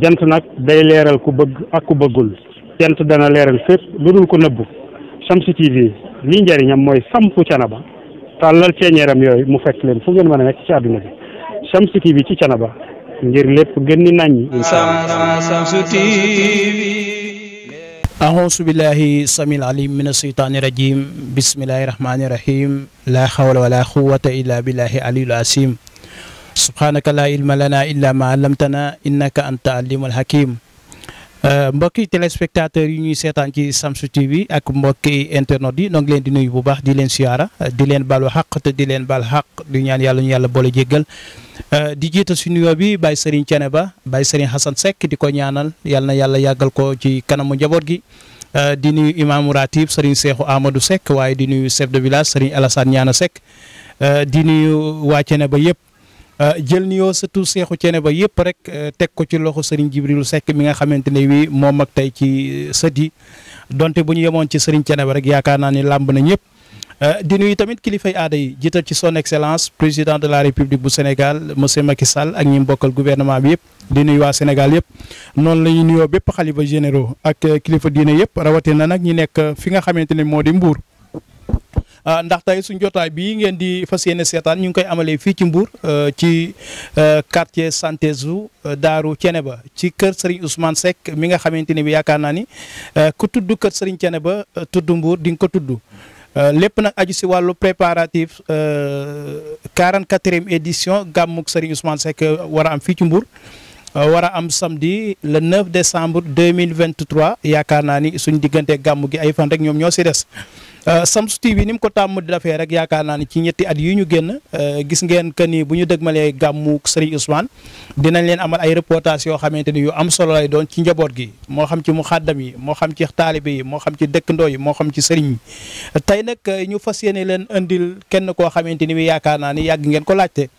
jant nag day leeral ku bëgg ak ku bëggul jant dana leeral fépp lu dul ko nëbbu Shamsu TV lii njëriñam mooy sampu canaba tàllal ceeñeeram yooyu mu fekk leen fu ngeen mën a nekk ci àdduna bi Shamsu TV ci canaba ngir lépp gën ni naññi insha Allah Shamsu TV aousu billahi samil alim min asheytaani rajim bismillahi rahmaani rahim subhaanaka laa ilma lana illa ma allamtana innaka anta alimul hakim euh, mbokki téléspectateurs yi ñuy seetaan ci Shamsu bi ak mbokki internet yi noo ngi leen di nuyu bu baax di leen siyaara di leen baalu xaq te di leen baal xaq di ñaan yàlla ñu yàlla boole jéggal euh, di jiital si nuyoo bi Baye Serigne Thiénaba Baye Serigne Hassan sekk di ko ñaanal yàlla na yàlla yàggal ko ci kanamu njaboot gi euh, di nuyu imaamu ratib Serigne Cheikhou Amadou sekk waaye di nuyu chef de village Serigne Alassane Niana Seck di nuyu waa Thiénaba yëpp. Euh, jël sa tout cheikhou Ceene ba yëpp rek euh, tek ko ci loxo Serigne jibril sek mi nga xamantene wi mom ak tay ci euh, sët donte buñu ñu ci Serigne Ceene ba rek yakarna ni lamb na ñëpp. di nuyu tamit kilifay ci son excellence président de la république bu Sénégal monsieur Macky Sall ak ñi mbokal gouvernement bi yëpp. di nuyu wa Sénégal yëpp non la ñuy nuyoo bépp généraux ak kilifa diine rawati na nak ñi nek fi nga xamantene modi mbour Ah, ndax tey suñ jotaay bii ngeen di fas yéene seetaan ñu ngi koy amalee fii ci Mbour euh, ci euh, quartier santé su euh, Daaru ba ci kër Serigne Ousmane Seck mi nga xamante ne bi yaakaar naa ni ku tudd kër Serigne Ceneba tudd Mbour di nga ko tudd. lépp nag aju si wàllu préparatif 44e édition gàmmug Serigne Ousmane Seck war am fii ci Mbour. war a am samedi le 9 décembre 2023 yaakaar naa ni suñ diggante gàmm gi ay fan rek ñoom ñoo si des. Euh, Shamsu bi ni mu ko tàmm dafee rek yaakaar naa ni ci ñetti at yi ñu génn euh, gis ngeen que ni bu ñu dëgmalee gàmmu Serigne Ousmane dinañ leen amal ay reportage yoo xamante ni yu am solo lay doon ci njaboot gi moo xam ci mu muxaddam yi moo xam ci taalibe yi moo xam ci dëkkandoo yi moo xam ci sëriñ yi tey nag euh, ñu fas yéene leen indil kenn koo xamante ni yaakaar naa ni yàgg ngeen ko laajte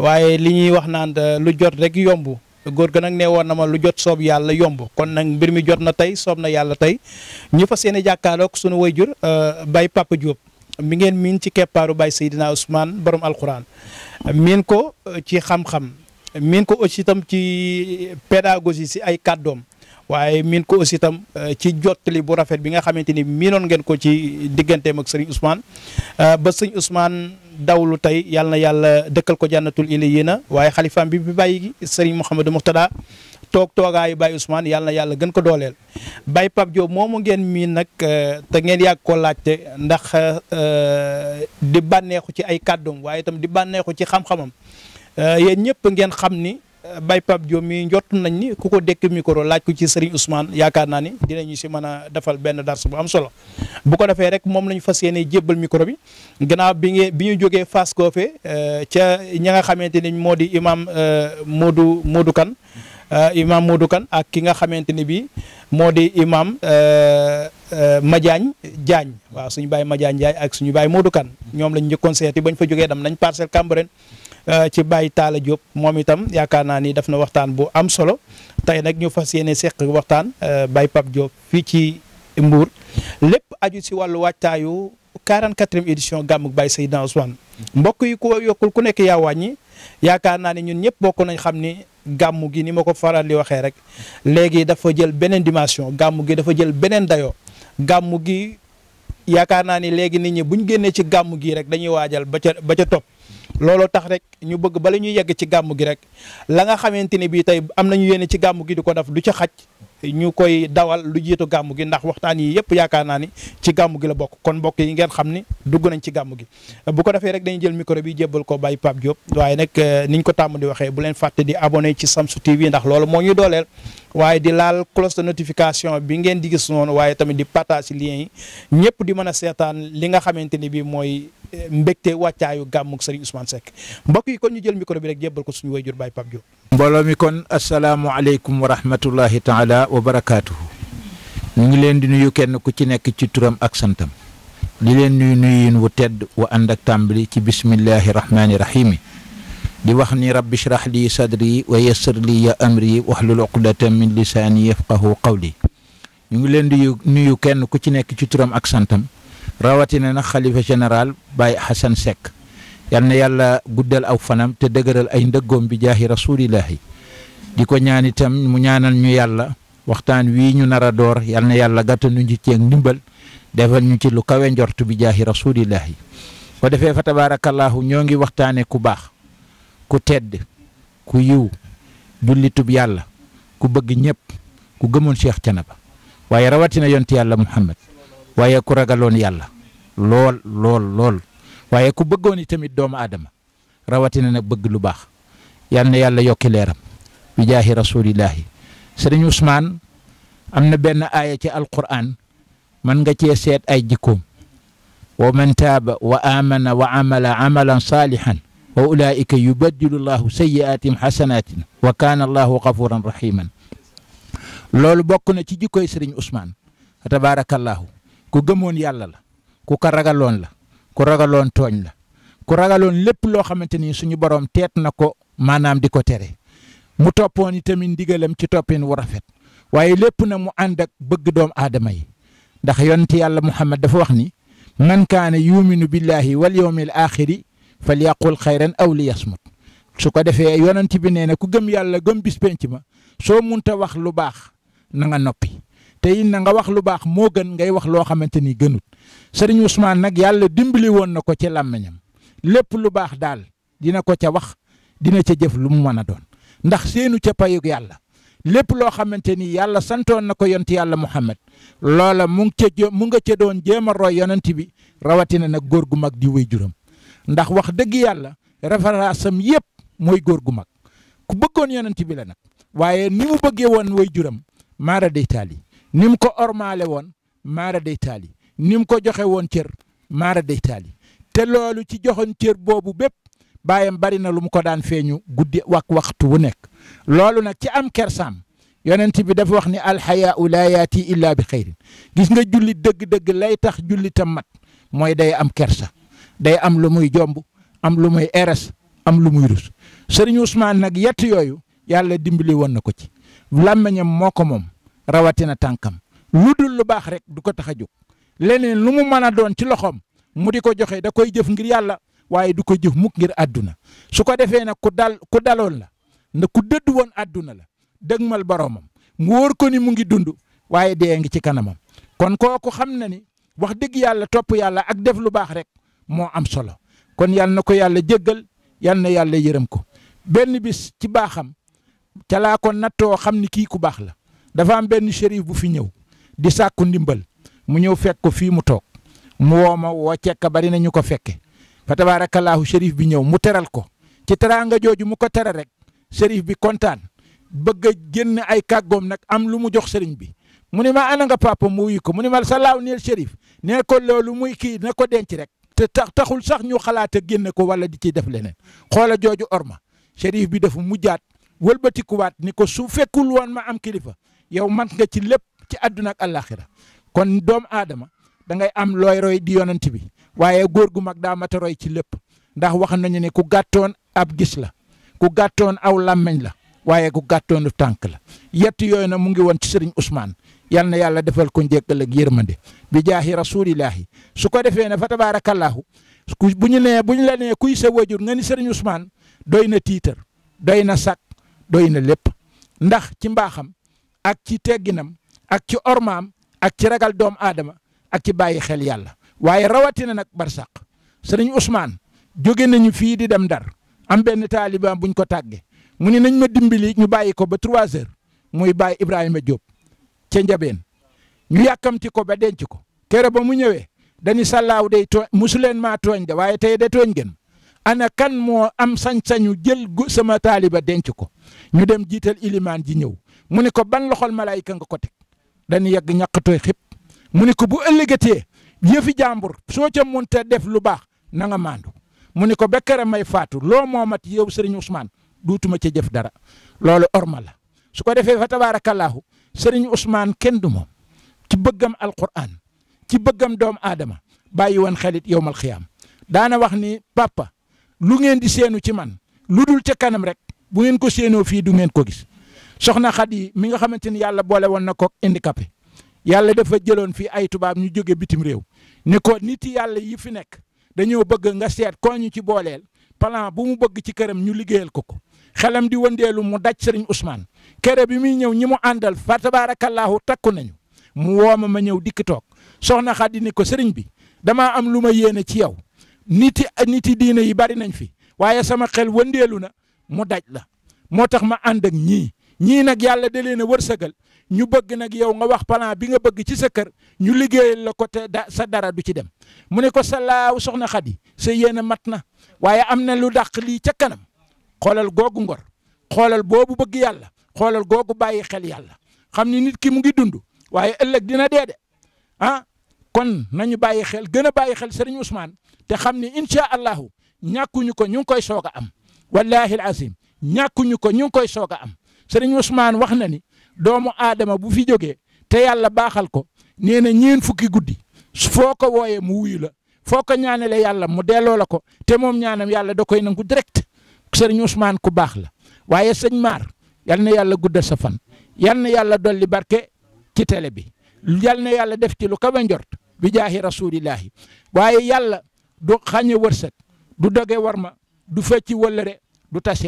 waaye li ñuy wax naan lu jot rek yomb. góor ga nag nee woon na ma lu jot soob yàlla yomb kon nag mbir mi jot na tey soob na yàlla tey ñu fas yéene jàkkaarloog sunu wayjur euh, Baye Papa jóob mi ngeen miin ci keppaaru Baye Seydina Ousmane borom alquran miin ko euh, ci xam-xam miin ko aussi itam ci pédagogie si ay kàddoom waaye miin ko aussi itam euh, ci jottali bu rafet bi nga xamante ni miinoon ngeen ko ci digganteem ak sëriñ usmaan ba sëriñ Ousmane. dawlu tey yàlla yàlla dëkkal ko jànnatul na waaye xalifaam bi bi bàyyi sëriñ Mouhamadou Mourtada toog toogaayu bàyyi Ousmane yàlla yàlla gën ko dooleel Baye Pape Diop moomu ngeen miin nag euh, te ngeen yàgg koo laajte ndax euh, di bànneexu ci ay kàddoom waaye itam di bànneexu ci xam-xamam euh, yéen ñëpp ngeen xam ni bay Pape Diop mi njot nañ ni ku ko dekk micro laaj ko ci Serigne Ousmane yaakaar naa ni dinañu si mën a defal benn dars bu am solo bu ko defee rek moom la ñu fas yéene jébbal micro bi gannaaw bi ngeen bi ñu jógee Fass Kofé euh, ca ña nga xamante ni moo di imaam euh, Modou Modou Kane euh, imaam Modou Kane ak ki nga xamante ni bii moo di imaam Madiagne Diagne waaw suñu baay Madiagne Diagne ak suñu baay Modou kan ñoom lañ njëkkoon seeti bañ fa jógee dem nañ Parcelles Cambérène Euh, ci bàyyi taala Diop moom itam yaakaar naa ni daf na waxtaan bu am solo tey nag ñu fas yéene seq waxtaan euh, Baye Pape Diop fii ci Mbour lépp aju si wàllu waajtaayu 44e édition gàmmug Baye Seydina mbokk yi ku yokkul ku nekk yaa wàññi yaakaar naa ne ñun ñëpp bokk nañ xam ni gàmmu gi ni ma ko faral di waxee rek léegi dafa jël beneen dimension gàmmu gi dafa jël beneen dayoo gàmmu gi yaakaar naa ni léegi nit ñi bu ñu génnee ci gàmmu gi rek dañuy waajal ba ca ba ca topp looloo tax rek ñu bëgg bala ñuy yegg ci gàmm gi rek la nga xamante ni bii tey am nañu yéene ci gàmm gi di ko def du ci xaj ñu koy dawal lu jiitu gàmm gi ndax waxtaan yi yëpp yaakaar naa ni ci gàmm gi la bokk kon mbokk yi ngeen xam ni dugg nañ ci gàmm gi. bu ko defee rek dañu jël micro bi jébbal ko Baye Pape Diop waaye nag eh, niñ ko tàmm di waxee bu leen fàtte di abonné ci Shamsu TV ndax loolu moo ñu dooleel. waye di laal cloche de notification bi ngeen di gis non waye tamit di partage lien yi ñëpp di mëna sétane li nga xamanteni bi moy eh, mbekté waccayu wàccaayu gàmmug Serigne Ousmane sek mbokk yi kon ñu jël micro bi rek jébal ko suñu wayjur bay pap Diop. mbolo mi kon alaykum wa rahmatullahi taala wa barakatuh ñu ngi leen di nuyu kenn ku ci nekk ci turam ak santam. di leen nuyu nuyu wu tedd wa andak tambali ci bismillahir rahmanir rahim. di wax ni rabbi shrah li sadri wa yassir li ya amri wahlul uqdatan min lisaani yafqahu qawli ñu ngi leen di nuyu kenn ku ci nekk ci turam ak santam rawatina nag xalifa général Baye Xasan Seck yal na yàlla guddal aw fanam te dëgëral ay ndëggoom bi jaahi rasulillahi di ko ñaan itam mu ñaanal ñu yàlla waxtaan wii ñu nar a door yal na yàlla gàttanu ñu ceeg ndimbal defal ñu ci lu kawe njort bi jaahi rasulillahi ko defee fa tabaarakallaahu ñoo ngi waxtaanee ku baax. ku tedd ku yiw jullitub yàlla ku bëgg ñëpp ku gëmoon Cheikh Thiénaba waaye rawatina yonti yàlla Muhammad waaye ku ragaloon yàlla lool lool lool waaye ku bëggoon i tamit doomu aadama rawatina na bëgg lu baax yal na yàlla yokki leeram bi rasulillahi sëriñ Ousmane am na benn aaya ci alquran man nga cee seet ay jikkoom wa man taaba wa amana wa amala amalan salihan وأولئك يبدل الله سيئاتهم حسنات وكان الله غفورا رحيما loolu bokk na ci jikkoy sëriñ Ousmane tabaarakallaahu ku gëmoon yàlla la ku ko ragaloon la ku ragaloon tooñ la ku ragaloon lépp loo xamante ni suñu borom teet na ko maanaam di ko tere mu toppoon itamit ndigalam ci toppin wu rafet waaye lépp na mu ànd ak bëgg doom aadama yi ndax yonent yàlla Muhammad dafa wax ni man kaana yuminu billahi wal yawmil axiri fal yàqul xayran aw li yasmut su ko defee yonent bi nee na ku gëm yàlla gëm bis penc ma soo munta wax lu baax na nga noppi te it na nga wax lu baax moo gën ngay wax loo xamante ni gënut sëriñ Ousmane nag yàlla dimbali woon na ko ci làmmiñam lépp lu baax daal dina ko ca wax dina ca jëf lu mu mën a doon ndax seenu ca payug yàlla lépp loo xamante ni yàlla santoon na ko yonti yàlla Muhammad loola mu ca mu nga ca doon jéem a roy yonent bi rawatina nag góor gu mag di wéy ndax wax deug yàlla référence am yëpp mooy góor gu mag ku bëggoon yonent bi la nak waye nimu mu won way juram mara day tali nim ko ormalé won mara day tali nim ko joxe won cër mara day tali te loolu ci joxon cër bobu bép bayam bari na lu mu ko daan feñu guddé wak waxtu wu nek loolu nak ci am kersam yonent bi dafa wax ni al haya la yati illa bi khair gis nga julli deug deug lay tax jullitam mat moy day am kersa day am lu muy jomb am lu muy eres am lu muy rus sëriñ Ousmane nag yett yooyu yàlla dimbali woon na ko ci làmmiñam moo ko moom rawatina tànkam lu dul lu baax rek du ko tax a jóg leneen lu mu mën a doon ci loxoom mu di ko joxe da koy jëf ngir yàlla waaye du ko jëf mukk ngir àdduna su ko defee nag ku dal ku daloon la na ku dëdd woon àdduna la dëgmal boromam mu wóor ko ni mu ngi dund waaye dee ngi ci kanamam kon kooku xam na ni wax dëgg yàlla topp yàlla ak def lu baax rek moo am solo kon yal na ko yàlla jéggal yal na yàlla yërëm ko benn bis ci baaxam calaa laa ko nattoo xam ni kii ku baax la dafa am benn shérif bu fi ñëw di sàkku ndimbal mu ñëw fekk ko fii mu toog mu woo ma woo cekk bari na ñu ko fekke fa tabaarakallaahu shérif bi ñëw mu teral ko ci teraanga jooju mu ko tere rek shérif bi kontaan bëgga a génn ay kàggoom nag am lu mu jox sëriñ bi mu ni ma ana nga papa mu wuyu ko mu ni ma sa laaw neel shérif nee ko loolu muy kii na ko denc rek te tax taxul sax ñu xalaat a génne ko wala di ci def leneen xoola jooju orma shérif bi dafa mujjaat wëlbatikuwaat ni ko su fekkul woon ma am kilifa yow man nga ci lépp ci àdduna ak kon doomu aadama da ngay am looy roy di yonent bi waaye góor gu mag daa mat roy ci lépp ndax wax nañu ne ku gàttoon ab gis la ku gàttoon aw làmmeñ la waaye ku gàttoonu tànk la yett yooyu na mu ngi woon ci sëriñ Ousmane yal na yàlla defal ko njëkkal ak yërmande bi jaahi rasulillahi su ko defee ne fa tabaarakallaahu bu ñu nee bu ñu la nee kuy sa wajur nga ni sëriñ Ousmane doy na tiitar doy na sakk doy na lépp ndax ci mbaaxam ak ci tegginam ak ci ormaam ak ci ragal doom aadama ak ci bàyyi xel yàlla waaye rawatina nag barsàq sëriñ Ousmane jóge nañu fii di dem Ndar am benn taalibaam buñ ko tàggee mu ne nañ ma dimbali ñu bàyyi ko ba trois heures muy bàyyi Ibrahima Diop. ca njabeen ñu yàkkamti ko ba denc ko kere ba mu ñëwee dañu sallaaw day tooñ musu leen maa tooñ de waaye tey de tooñ ngeen ana kan moo am sañ-sañu jël gu sama taaliba denc ko ñu dem jiital ilimaan ji ñëw mu ne ko ban loxol malaayika nga ko teg dañu yegg ñaqtooy xib mu ne ko bu ëllëgatee yëfi jàmbur soo ca te def lu baax nanga nga maandu mu ne ko ba kere may faatu loo moomat yow sëriñ Ousmane duutuma ca jëf dara loolu orma la defee fa tabaarakallaahu sëriñ usmaan kenn du moom ci bëggam alquran ci bëggam doomu aadama bàyyi woon xelit yowmal xiyaam daana wax ni papa lu ngeen di séenu ci man lu dul ci kanam rek bu ngeen ko séenoo fii du ngeen ko gis soxna Xadi mi nga xamante ni yàlla boole woon na ko handicapé yàlla dafa jëloon fii ay tubaab ñu jóge bitim réew ni ko nit yàlla yi fi nekk dañoo bëgg nga seet ko ñu ci booleel plan bu mu bëgg ci këram ñu liggéeyal ko ko xelam di wëndeelu mu daj sëriñ Ousmane kere bi muy ñëw ñi mu àndal fa tabaarakallaahu takku nañu mu wooma ma ñëw dikki toog soxna Xadi ni ko sëriñ bi damaa am lu ma yéene ci yow niti niti diine yi bari nañ fi waaye sama xel wëndeelu na mu daj la moo tax ma ànd ak ñii ñii nag yàlla da leen a wërsëgal ñu bëgg nag yow nga wax plan bi nga bëgg ci sa kër ñu liggéeyal la ko te sa dara du ci dem mu ne ko sa laaw soxna Xadi sa yéene mat na waaye am na lu dàq lii ca kanam xolal gogu ngor xolal bobu bëgg yàlla xolal gogu bàyyi xel yàlla xamni nit ki mu ngi dund waye ëlëk dina dédé han ah kon nañu bàyyi xel gëna bàyyi xel Serigne Ousmane te xamni insha incha allahu ñàkkuñu ko ñu ngi koy soga am wallahi alazim ñàkkuñu ko ñu ngi koy soga am Serigne Ousmane wax na ni doomu adama bu fi joggé te yàlla baxal ko nee ñeen fukki guddi foko woyé mu wuyu la foo yàlla mu délo la ko te mom ñaanam yàlla da koy nangu direct sëriñ Ousmane ku baax la waaye sëñ Maar yal na yàlla guddal sa fan yal na yàlla dolli barke ci télé bi yal na yàlla def ci lu kawe njort bi jaahi rasulillahi waaye yàlla du xàññe wërsëg du doge war ma du fecci wëllëre du tas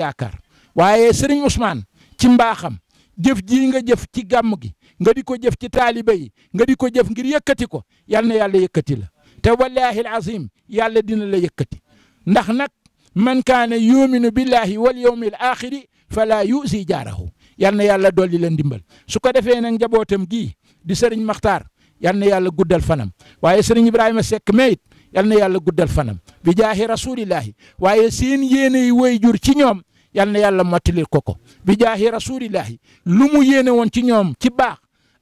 waaye sëriñ Ousmane ci mbaaxam jëf jii nga jëf ci gàmm gi nga di ko jëf ci taaliba yi nga di ko jëf ngir yëkkati ko yal na yàlla yëkkati la te wallaahi azim yàlla dina la yëkkati ndax nag من كان يؤمن بالله واليوم الآخر فلا يؤذي جاره يالنا يالا دولي لن ديمبل سوكا دافي نان جابوتم جي دي سيرن مختار يالنا يالا غودال فنام واي سيرن ابراهيم سيك ميت يالنا يالا غودال فنام بجاه رسول الله واي سين ييني وي جور سي نيوم يالنا يالا ماتلي كوكو بجاه رسول الله لومو ييني وون سي نيوم سي باخ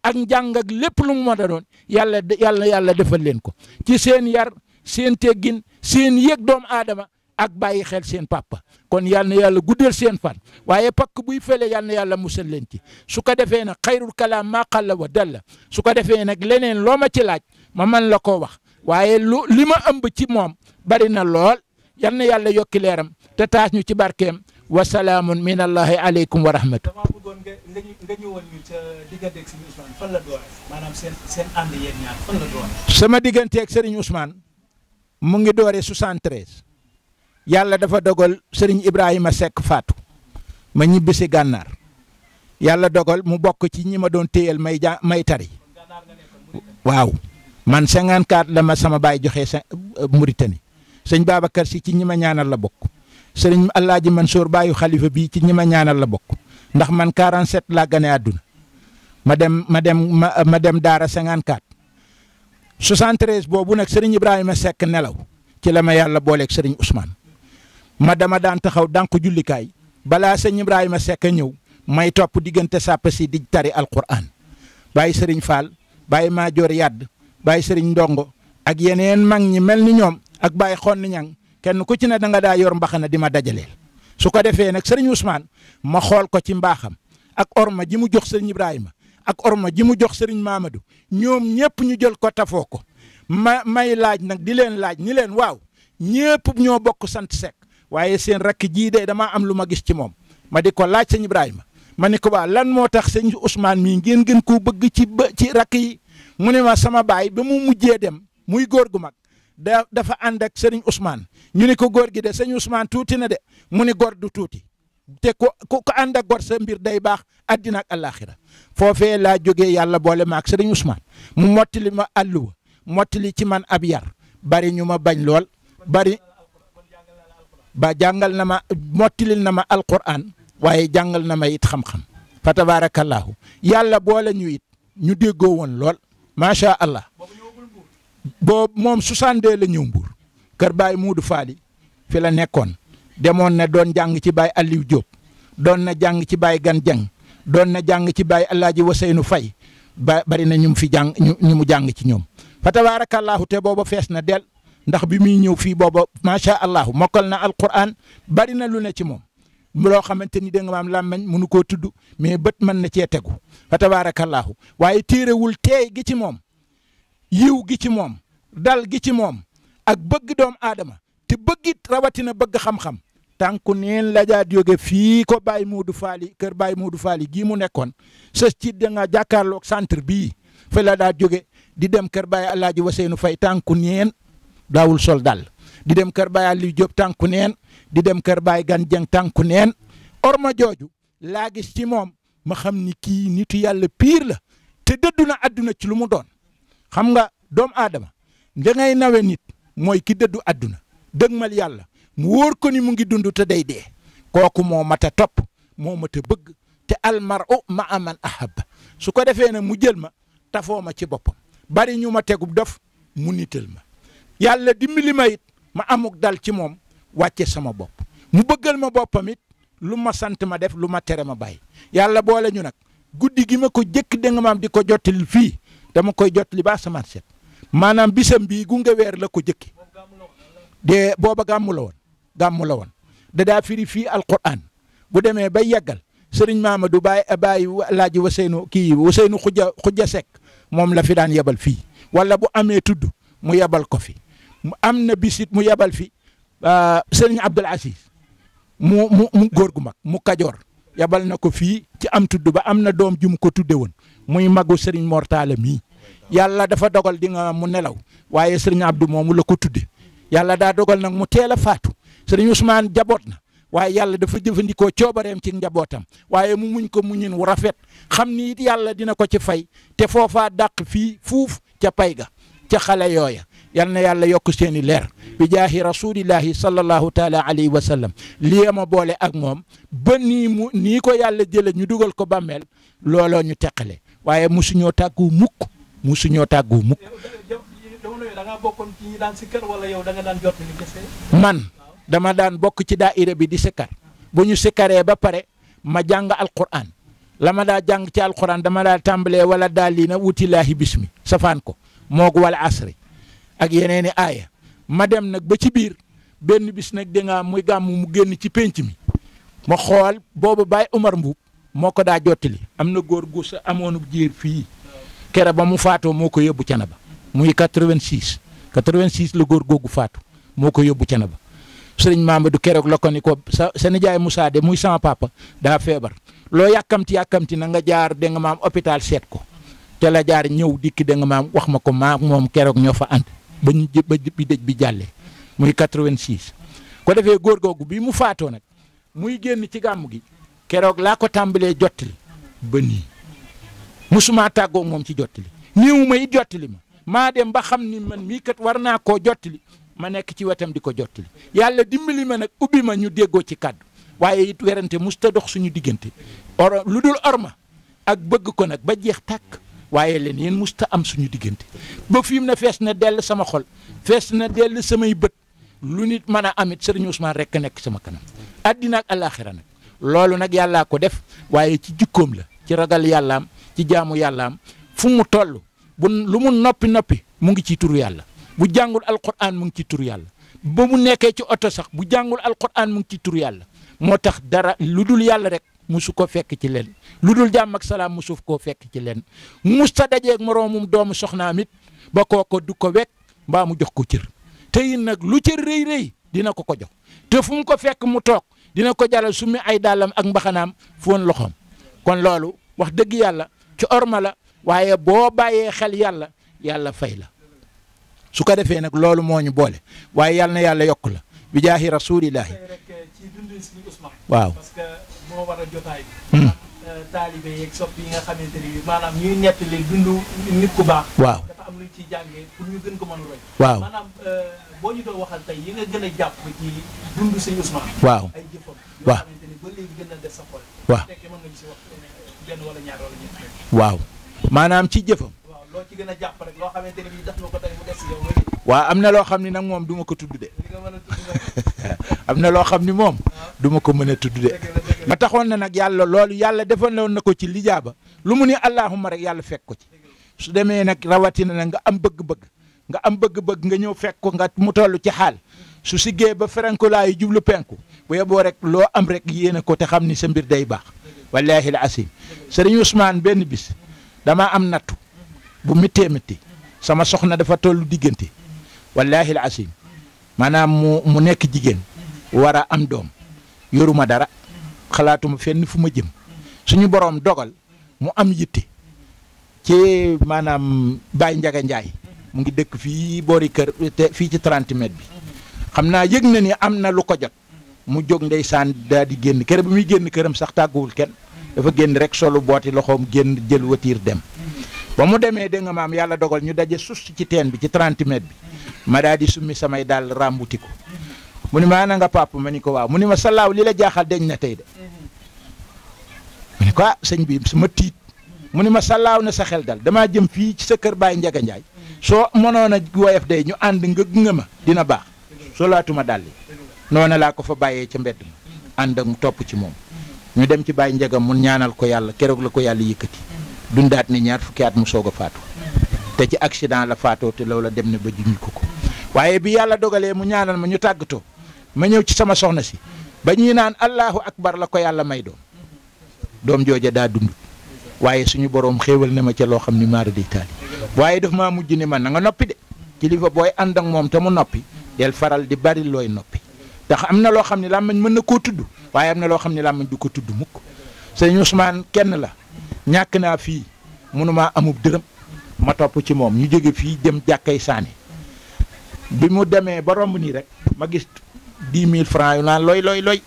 اك جانغ اك ليپ لومو ما دارون يالا يالا يالا ديفال لين كو سي سين يار سين تيغين سين ييك دوم ادمه ak bàyyi xel seen pappa kon yal na yàlla guddal seen fan waaye pakk buy fële yal na yàlla musal leen ci su ko defee nag xayrul kalaam maa qalla wa dalla su ko defee nag leneen loo ma ci laaj ma man la ko wax waaye lu li ma ëmb ci moom bari na lool yal na yàlla yokkileeram te taas ñu ci barkeem wa salaamun min allahi aleykum wa rahmatu. damaa bëggoon nga nga ñëwoon ñu ca digganteeg Serigne Ousmane fan la doore 73. yàlla dafa dogal sëriñ Ibrahima Seck faatu ma ñibbi si gànnaar yàlla dogal mu bokk ci ñi ma doon téyal may ja may tari waaw man 54 la ma sama baay joxe euh, Mauritanie sëñ Babacar si ci ñi ma ñaanal la bokk sëriñ man Mansour baayu xalifa bii ci ñi ma ñaanal la bokk ndax man 47 laa gane àdduna ma dem ma dem ma ma dem Daara 54 73 boobu nag sëriñ Ibrahima Seck nelaw ci la ma yàlla booleeg sëriñ Ousmane. ma dama daan taxaw dànk jullikaay balaa sëñ Ibrahima Seck ñëw may topp diggante sàpp si di tari alquran bàyyi sëriñ Fall bàyyi Maajoor Yàdd bàyyi sëriñ Ndongo ak yeneen mag ñi mel ni ñoom ak bàyyi xonn ñang kenn ku ci ne da nga daa yor mbaxana di ma dajaleel su ko defee nag sëriñ Ousmane ma xool ko ci mbaaxam ak orma ji mu jox sëriñ Ibrahima ak orma ji mu jox sëriñ Mamadou ñoom ñëpp ñu jël ko tafoo ko ma may laaj nag di leen laaj ni leen waaw ñëpp ñoo bokk sant Seck waaye seen rakk jii de damaa am lu ma gis ci moom ma di ko laaj sëñ Ibrahima ma ni ko waa lan moo tax sëñ Ousmane mii ngeen gën koo bëgg ci ba ci rakk yi mu ne ma sama baay ba mu mujjee dem muy góor gu mag da dafa ànd ak sëriñ Ousmane ñu ni ko góor gi de sëñ Ousmane tuuti na de mu ni gor du tuuti te ko ku ànd ak góor sa mbir day baax àddina ak àllaaxira foofee laa jógee yàlla boole maak ak sëriñ mu mottili ma àlluwa mottili ci man ab yar bari ñu ma bañ lool bari. ba jàngal na ma mottilil na ma alquran waaye jàngal na ma it xam-xam fa tabaarakallaahu yàlla boole ñu it ñu déggoo woon lool macha allah boobu moom 62 la ñëw Mbour kër baay Moodu Faali fi la nekkoon demoon na doon jàng ci Baye Aliou Diop doon na jàng ci Baye Gan Jeng doon na jàng ci Baye Alaaji Waseynu Fay ba bari na ñu fi jàng mu jàng ci ñoom fa tabaarakallaahu te booba fees na del ndax bi ñew fi fii ma sha allah mokal na alquran bari na lu ne ci mom lo xamanteni de nga am lamagn mu mënu ko tuddu mais beut man na ci teggu fa waye waaye wul gi ci mom yiw gi ci mom dal gi ci mom ak bëgg doom adama te rawati na bëgg xam-xam tanku neen la jaat yoge fi ko bay Modou fali keur bay Modou fali gi mu nekkon se ci de nga jàkkaarloog centre bi fa la da joge di dem kër Baye Alaaji Waseenu Fay tanku neen daawul sol dal di dem kër Baye Aliou Diop tànku neen di dem kër Baye Gan tànku neen orma jooju laagi gis ci moom ma xam ni kii nitu yàlla piir la te dëddu na àdduna ci lu mu doon xam nga doomu aadama da ngay nawe nit mooy ki dëddu àdduna dëgmal yàlla mu wóor ko ni mu ngi dund te day dee kooku moo mat a topp moo mat a bëgg te almaru ma aman ahab su ko defee ne mu jël ma tafoo ma ci boppam bari ñu ma tegub dof mu nital ma yàlla dimbali ma it ma amuk dal ci moom wàcce sama bopp mu bëggal ma boppam it lu ma sant ma def lu ma tere ma bay yàlla boole ñu nag guddi gi ma ko jëkk denga nga maam di ko jottali fii dama koy jottali ba sama set maanaam bisam bii gunge weer la ko jëkki de booba gàmmu la woon gàmmu la woon da daa firi fii alquran bu demee bay yàggal du Mamadou Baye Baye laaji Ousseynou kii Ousseynou Khoudia Khoudia Seck moom la fi daan yebal fii wala bu amee tudd mu yebal ko fi. mu am na bisit mu yabal fi euh, sëriñ Abdul mu mu mu góor gu mag mu kajoor yabal na ko fii ci am tudd ba am na doom ju mu ko tudde woon muy magu sëriñ Mortale mii yàlla dafa dogal dinga mu nelaw waaye sëriñ Abdou moomu la ko tudde yàlla daa dogal nag mu teel a faatu sëriñ Ousmane jaboot na waaye yàlla dafa jëfandikoo coobareem ci njabootam waaye mu muñ ko muñin wu rafet xam ni it yàlla dina ko ci fay te foofaa dàq fii fuuf ca pay ga ca xale yooya yal na yàlla yokk seeni leer bi jaahi rasulillahi sallallahu taala alayhi wa sallam lii ma boole ak moom ba nii mu nii ko yàlla jële ñu dugal ko bàmmeel looloo ñu teqale waaye musuñoo tàggu mukk musuñoo tàggu mukk man dama daan bokk ci daaira bi di sikkar boo ñu sikkaree ba pare ma jàng alquran la ma daa jàng ci alquran dama daa tàmbalee wala daal lii na wutilaahi bismi safaan ko moog wala asri ak yeneeni aaya ma dem nag ba ci biir benn bis nag da nga muy gàmm mu génn ci penc mi ma xool boobu Baye Umar Mbuub moo ko daa jottali am na gu sa amoon jiir fii kere ba mu faatoo moo ko yóbbu cana ba muy 86 86 la góor googu faatu moo ko yóbbu cana ba Mamadou la ko ni ko sa Moussa de muy papa da feber, lo yàkkamti yàkkamti na nga jaar de nga maam hôpital seet ko te la jaar ñëw dikki de nga wax ma ko maa moom keroog fa ba ñu jë ba bi bi jàllee muy 86. ko defee góor googu bii mu faatoo nag muy génn ci gàmm gi keroog laa ko tàmbalee jottali ba nii musuma tàggoo moom ci jottali niiw ma it jottali ma maa dem ba xam ni man mii kat war naa koo jottali ma nekk ci wetam di ko jottali yàlla dimbali ma nag ubbi ma ñu déggoo ci kàddu waaye it werante musta dox suñu diggante lu dul orma ak bëgg ko nag ba jeex tàkk waaye leen yéen musta am suñu diggante ba fi mu ne fees na dell sama xol fees na dell samay bët lu nit mën a amit sëriñ Ousmane rek a nekk sama kanam addina ak nag loolu nag yàllaa ko def waaye ci jikkoom la ci ragal yàllaam ci jaamu am fu mu toll bu lu mu noppi noppi mu ngi ciy turu yàlla bu jàngul alquran mu ngi ciy turu ba mu nekkee ci oto sax bu jàngul alquran mu ngi ciy turu yàlla moo tax dara lu dul yàlla rek musu ko fekk ci leen lu dul jàmm ak salaam musuf koo fekk ci leen mus sa dajeeg moroomum doomu soxnaam it ba kooko du ko wekk mbaa mu jox ko cër te it nag lu cër rëy rëy dina ko ko jox te fu ko fekk mu toog dina ko jaral summi ay dàllam ak mbaxanaam foon loxoom kon loolu wax dëgg yàlla ci orma la waaye boo bàyyee xel yàlla yàlla fay la su ko defee nag loolu moo ñu boole waaye yàlla na yàlla yokk la bijaahi rasulillahi eh, waaw moo war a jotaay bi hmm. euh, taalibe yeeg sopp yi nga xamante ni maanaam ñuy nettali dundu nit ku baax waaw dafa am luñ ciy jàngee pour ñu gën a roy waaw maanaam euh, boo ñu doon waxal a jàpp ci dundu sëñ Ousmane waaw ay jëfam yoo xamante ni ba léegi a des sa xol waaw fekkee mën nga ñu si wax euh, benn wala ñaar maanaam ci jëfam waaw loo ci gën a jàpp loo xamante ni def nga ko tey mu am na loo xam ni nag moom du ko tudd de am na loo xam ni moom ah. du ko mën a tudd de ba taxoon na nag yàlla loolu yàlla defaloon na ko ci lijaaba lu mu ni allahuma rek yàlla fekk ko ci su demee nag rawatina nag nga am beug beug nga am beug beug nga ñëw fekk ko nga mu tollu ci xal su siggee ba franco lay jublu penku bu yeboo rek lo am rek yene ko te xamni sa mbir day bax wallahi la asim sëriñ Ousmane ben bis dama am nattu bu méttee métti sama soxna dafa tollu digeenti wallahi la asim maanaam mu nek jigen wara am dom yoruma dara xalaatuma fenn fu ma jëm suñu borom dogal mu am yitte ci maanaam Baye Njaga Njaay mu ngi dëkk fi boori kër te fii ci 30 mètres bi xam naa na ni am lu ko jot mu jóg ndeysaan daal di kër bi mi génn këram sax tàgguwul kenn dafa génn rek solo booti loxoom génn jël watiir dem ba mu demee dégg nga maam yàlla dogal ñu sus ci bi ci 30 mètres bi ma daal summi samay dal ràmbuti mu ni ma ana nga ma ni ko waaw mu ni ma salaaw li la jaaxal deñ na tey de ma ni ko ah sëñ bi ma tiit mu ni ma salaaw na sa xel dal damaa jëm fii ci sa kër Baye Ndiaga Ndiaye soo mënoon a woyof day ñu ànd nga gunge ma dina baax soo laatuma dàlli noona laa ko fa bàyyee ca mbedd ma ànd ak mu topp ci moom ñu dem ci Baye Ndiaga mu ñaanal ko yàlla keroog la ko yàlla yëkkati dundaat ni ñaar fukki at mu soog a faatu te ci accident la faatoo te loola ma ñu tàggatoo ma ñëw ci sama soxna si ba ñuy naan allahu akbar la ko yàlla may doom doom jooja daa dund waaye suñu boroom xéewal na ma ca loo xam ni maara day taali waaye daf ma mujj ni man na nga noppi de kilifa booy ànd ak moom te mu noppi del faral di bari looy noppi ndax am na loo xam ne làmmiñ mën na koo tudd waaye am na loo xam ne làmmiñ du ko tudd mukk sa Ousmane kenn la ñàkk naa fii mënumaa amub dërëm ma topp ci moom ñu jóge fii dem jàkkay saani bi mu demee ba romb 10 000 francs yu loy loy mani looy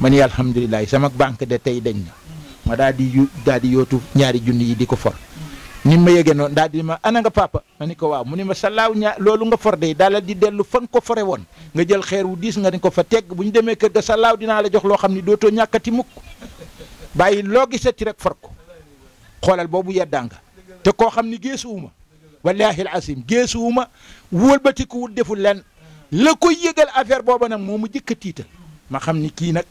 ma ni alhamdulilah sama banque de tey dañ na ma daal di yu daal di yootu ñaari junni yi di ko for ni ma yëgee noonu daal di ma ana nga papa ma ni ko waaw mu ni ma salaaw ñaa loolu nga for de daal di dellu fan ko fore woon nga jël xeer wu diis nga ni ko fa teg bu ñu demee kër ga dinaa la jox loo xam ni dootoo ñàkkati mukk bàyyi loo ci rek for ko xoolal boobu yeddaa nga te koo xam ni géesuwuma wallaahi asim wëlbatikuwul deful lenn la koy yëgal affaire booba nag moo mu jëkk a tiital ma xam ni kii nag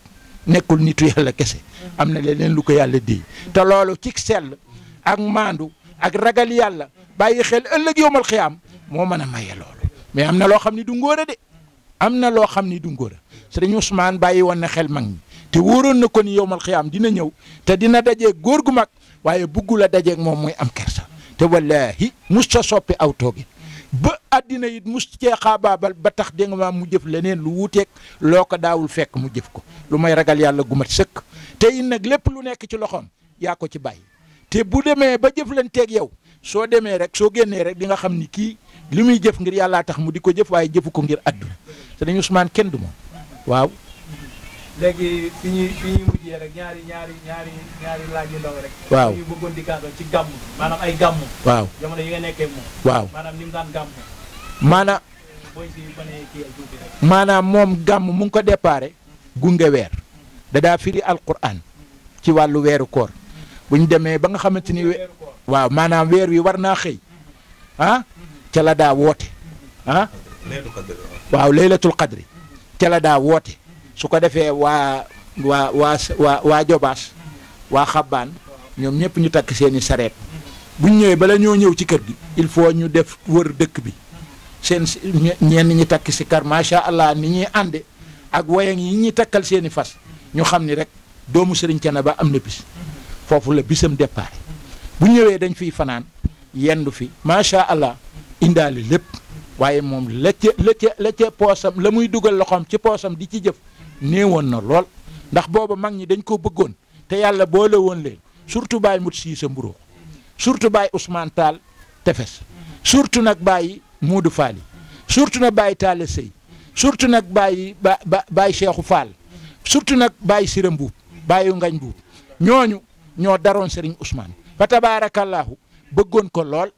nekkul nitu yàlla kese am na leneen lu ko yàlla déy te loolu cig sell ak maandu ak ragal yàlla bàyyi xel ëllëg yowmal xiyaam moo mën a maye loolu mais am na loo xam ni du ngóor a de am na loo xam ni du ngóor a sëriñ Ousmane bàyyi woon na xel mag ñi te wóoroon na ko ni yowmal xiyaam dina ñëw te dina dajeeg góor gu mag waaye buggul a dajeeg moom mooy am kersa te wallaahi mus sa soppi aw toogin ba àddina it mus cee xaabaabal ba tax dégg nga maam mu jëf leneen lu wuuteeg loo ko daawul fekk mu jëf ko lu may ragal yàlla guma mat sëkk te it nag lépp lu nekk ci loxoom yaa ko ci bàyyi te bu demee ba jëflanteeg yow soo demee rek soo génnee rek di nga xam ni kii lu muy jëf ngir yàllaa tax mu di ko jëf waaye jëfu ko ngir àdduna te dañu Ousmane kenn du moom waaw léegi fi ñuy fi ñuy mujjee rek waaw bëggoon di gàddu ci gàmm. maanaam ay gàmm. waaw jamono yi moom. waaw maanaam ni mu daan gàmm. maanaam. moom gàmm mu ngi ko déparé. gunge weer. Mm-hmm. da firi alquran. Mm-hmm. ci wàllu weeru koor. Mm-hmm. bu ñu demee ba nga xamante ni. waaw maanaam weer wi war naa xëy. ah ca la daa woote. ah. waaw laylatul qadri. ca la daa woote. su ko wa wa wa waa waa waa jobaas waa xabbaan ñoom ñëpp ñu takk seeni sareet buñ ñëwee bala ñoo ñëw ci kër gi il faut ñu def wër dëkk bi seen ñenn ñi takk si kar macha allah ni ñuy ànde ak wayan yi ñuy takkal seeni fas ñu xam ni rek doomu sëriñ Thiénaba am na bis foofu la bisam départ bu ñëwee dañ fiy fanaan yendu fi macha allah indaali lépp waaye moom la ca la ca la ca poosam la muy dugal loxoom ci poosam di ci jëf woon na lool ndax booba mag ñi dañ ko bëggoon te yàlla boole woon leen surtout Baye Mut Sii sa Mburoo surtout Baye Ousmane Tall Tefes surtout nag Baye Moodu Fall yi surtout nag Baye Talla Sey surtout nag Baye ba ba Baye Cheikhou surtout nag Baye Sira Mbuub Baye Ngañ Mbuub ñooñu ñoo daroon Serigne Ousmane fa tabaarakallaahu bëggoon ko lool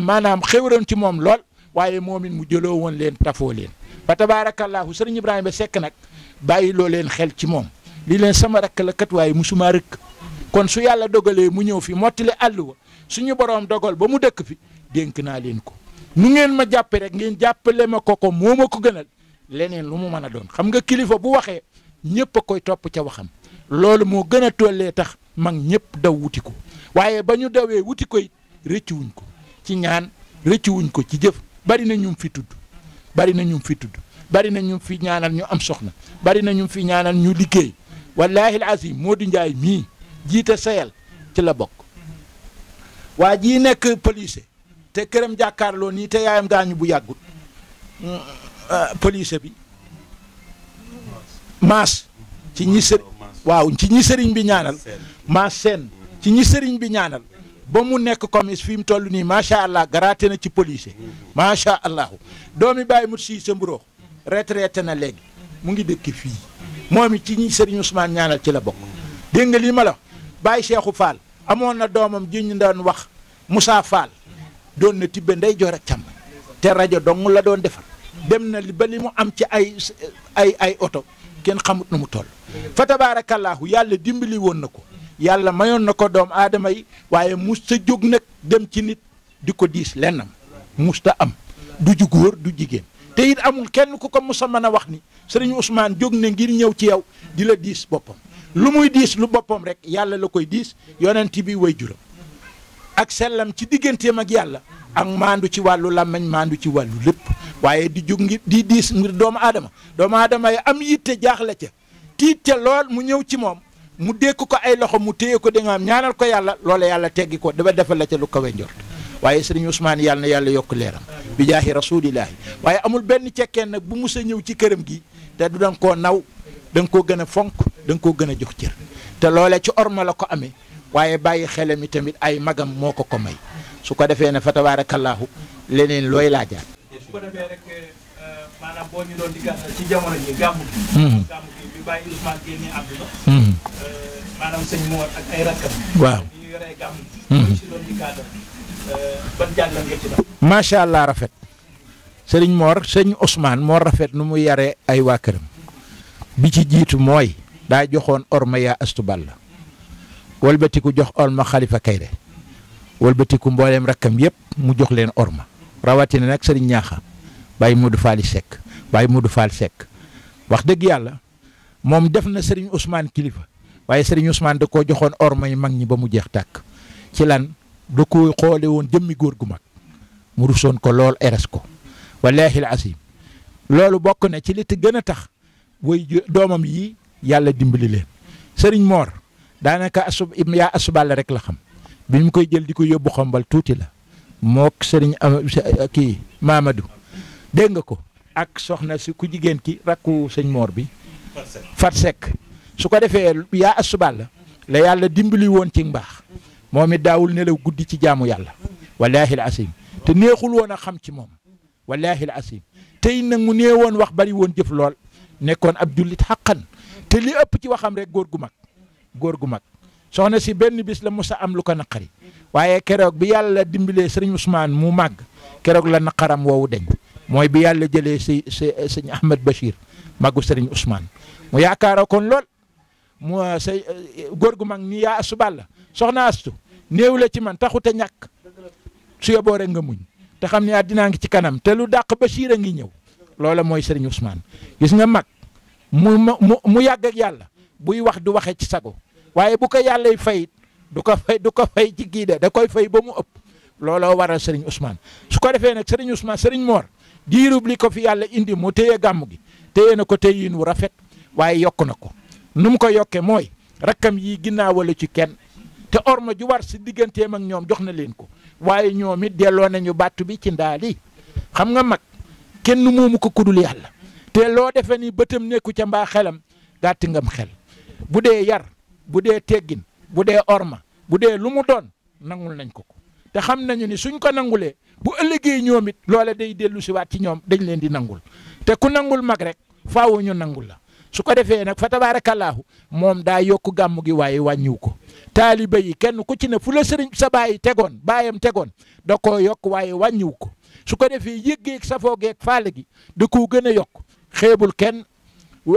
maanaam xewroon ci moom lool waaye moom it mu jëloo woon leen tafoo leen. fa tabaarakallaahu sëriñ ba sekk nag bàyyi loo leen xel ci moom li leen sama rakk la kat waaye musuma rëkk kon su yàlla dogalee mu ñëw fi mottali àll wa suñu boroom dogal ba mu dëkk fi dénk naa leen ko nu ngeen ma jàppe rek ngeen jàppale ma ko ko moo ma ko gënal leneen lu mu mën a doon xam nga kilifa bu waxee ñëpp a koy topp ca waxam loolu moo gën a tollee tax mag ñëpp daw wuti ko waaye ba ñu dawee wuti ko it wuñ ko ci ñaan rëcc wuñ ko ci jëf bari na ñum fi tudd bari na ñu fi tudd bari na ñu fi ñaanal ñu am soxna bari na ñu fi ñaanal ñu liggéey wallaahi moo di njaay mii jiite sayal ci la bokk waa jii nekk police te këram jàkkaarloo nii te yaayam gaañu bu yàggut mm, euh, police bi maas ci ñi sëriñ waaw ci ñi bi ñaanal maas seen ci ñi sëriñ bi ñaanal ba mu nekk commis fi mu toll nii macha allah garaate na ci policier macha allah doomi baay mu sii sa mburoo retraité na léegi mu ngi dëkk fii moom it ci ñi Serigne Ousmane ñaanal ci la bokk dégg nga lii ma la bàyyi Cheikhou Fall amoon na doomam ji ñu wax Moussa Fall doon na tibbe ndey joor ak càmm te rajo dong la doon defar dem na ba li mu am ci ay ay ay oto kenn xamut nu mu toll fa tabaarakallaahu yàlla dimbali woon na ko yàlla mayoon na ko doom aadama yi waaye mus sa jóg nag dem ci nit di ko diis lennam mus ta am du ju góor du jigéen te it amul kenn ku ko musa mën a wax ni sëriñ Ousmane jóg na ngir ñëw ci yow di la diis boppam lu muy diis lu boppam rek yàlla la koy diis yonent bi way juram ak sellam ci digganteem ak yàlla ak màndu ci wàllu làmmiñ màndu ci wàllu lépp waaye di jóg ngir di diis ngir doomu aadama doomu aadama yi am yitte jaaxle ca tiit ca lool mu ñëw ci moom mu dékk ko ay loxo mu téye ko da nga am ñaanal ko yàlla loola yàlla teggi ko dama defal la ca lu kawe njort waaye sëriñ Ousmane yàlla na yàlla yokk leeram bi jaahi rasulillahi waaye amul benn cekkeen nag bu mus a ñëw ci këram gi te du danga koo naw da ko koo a fonk da nga koo gën a jox cër te loolee ci orma la ko amee waaye bàyyi xelam yi tamit ay magam moo ko ko may su ko defee na fa tabaarakallaahu leneen looy laajaat. su ko defee rek euh, maanaam boo ñu doon yu hmm. euh, bàyyi hmm. euh, allah rafet sëriñ Mor sëñ Ousmane moo rafet nu mu yare ay waa bi ci jiitu mooy daa joxoon orma yaa astubal la walbatiku jox orma xalifa Kayre walbatiku mbooleem rakkam yëpp mu jox leen orma rawatina nag sëriñ ñaaxa bàyyi Modou Fall Seck bàyyi Modou Fall Seck wax dëgg yàlla. moom def na sëriñ Ousmane kilifa waaye sëriñ Ousmane da ko joxoon orma yi mag ñi ba mu jeex tàkk ci lan da ko xoole woon jëmmi góor gu mag mu rusoon ko lool eres ko wallaahi asim loolu bokk na ci li te gën a tax way doomam yi yàlla dimbali leen sëriñ Mor daanaka asub yaa asubal rek la xam bi mu koy jël di ko yóbbu xombal tuuti la mook sëriñ kii Mamadou dégg nga ko ak soxna si ku jigéen ki rakku sëñ moor bi. fat sekk su ko defee yaa asubal la yàlla dimbali woon ci mbaax moom it daawul nelaw guddi ci jaamu yàlla wallaahi al te neexul woon xam ci moom wallaahi al asim tey mu nee wax bari woon jëf lool nekkoon ab jullit te li ëpp ci waxam rek góor gu mag góor gu mag soxna si benn bis la musa am lu ko naqari waye kérok bi yàlla dimbalee serigne Ousmane mu mag kérok la naqaram wowu deñ moy bi yàlla jëlé si si Ahmed bashir màggu sëriñ Ousmane mu yaakaaroo kon lool mu euh, say euh, góor gu mag ni yaa astu balla soxna astu néew la ci man taxut a ñàkk su yoboo nga muñ te xam ne àddinaa ngi ci kanam te lu dàq Bachir a ngi ñëw loola mooy sëriñ Ousmane gis nga mag mu mu mu yàgg ak yàlla buy wax du waxee ci sago waaye bu ko yàllay fay du ko fay du ko fay ci gii de da koy fay ba mu ëpp looloo waral sëriñ Ousmane su ko defee nag sëriñ Ousmane sëriñ Mor diirub li ko fi yàlla indi mu téye gàmm gi téye na ko te téyin wu rafet waaye yokk na ko nu mu ko yokkee mooy rakkam yi ginnaawala ci kenn te orma ju war si diggantee ak ñoom jox na leen ko waaye ñoom it delloo ñu bàttu bi ci ndaali xam nga mag kenn moomu ko kudul yàlla te loo defe ni bëtam nekku ca mbaa xelam gàtt ngam xel bu dee yar bu dee teggin bu dee orma bu dee lu mu doon nangul nañ ko ko te xam nañu ni suñ ko nangulee bu ëllëgee ñoom it loola day dellu siwaat ci ñoom dañ leen di nangul te ku nangul mag rek faawu ñu nangul la su ko defee nag fa tabaarakallaahu moom daa yokku gàmm gi waaye wàññiw ko taaliba yi kenn ku ci ne fu la sëriñ sa bàyyi tegoon bàyyam tegoon da ko yokk waaye wàññiw ko su ko defee yëggeeg safoogeeg faale gi da koo gën a yokk xeebul kenn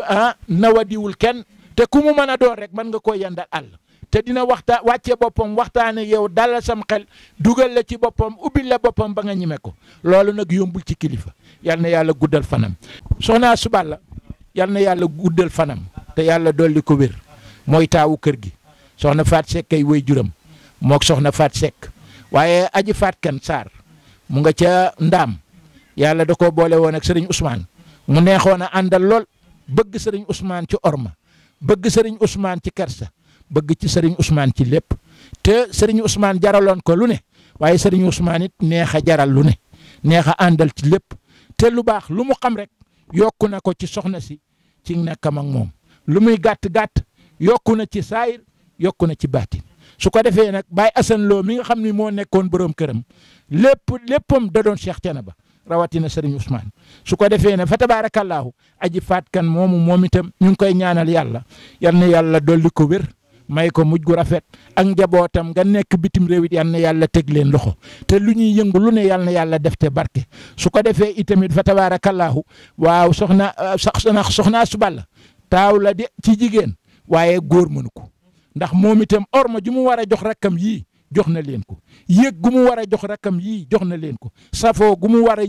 ah, nawa diwul kenn te ku mu mën a doon rek mën nga ko yandal àll te dina waxta wàccee boppam waxtaane yow dalal sam dugal la ci boppam ubbil la boppam ba nga ñime ko loolu nag yombul ci kilifa yal na yàlla guddal fanam soxna Suballa yal na yàlla guddal fanam te yàlla dolli ko wér mooy taawu kër gi soxna Faat Seck kay woy juram mook soxna Faat Seck waaye aji Faat Kan Sarr mu nga ca ndaam yàlla da ko boole woon ak sëriñ Ousmane mu neexoon a àndal lool bëgg sëriñ Ousmane ci orma bëgg sëriñ usmaan ci kersa bëgg ci sëriñ Ousmane ci lépp te sëriñ Ousmane jaraloon ko lu ne waaye sëriñ Ousmane it neex a jaral lu ne neex a àndal ci lépp te lu baax lu mu xam rek yokku na ko ci soxna si ci nekkam ak moom lu muy gàtt gàtt yokku na ci saayir yokku na ci baatin su ko defee nag Baye Assane Lo mi nga xam ni moo nekkoon borom këram lépp léppam da doon Cheikh Thiénaba rawatina Serigne Ousmane su ko defee ne fa tabaarakallaahu aji faat kan moomu moom itam ñu ngi koy ñaanal yàlla yal yàlla dolli ko wér. may ko mujj gu rafet ak njabootam nga nekk bitim réew it yal na yalla teg leen loxo te lu ñuy yëngu lu ne yal na yàlla def te barke su ko defee itamit fa tabaarakallaahu waaw soxna euh, soxna soxnaa subal taaw la de ci jigéen waaye góor mënu ko ndax moom itam orma ju mu war a jox rakkam jox na leen ko yéeg gu mu war a jox rakkam yii jox na leen ko safoo gu mu war a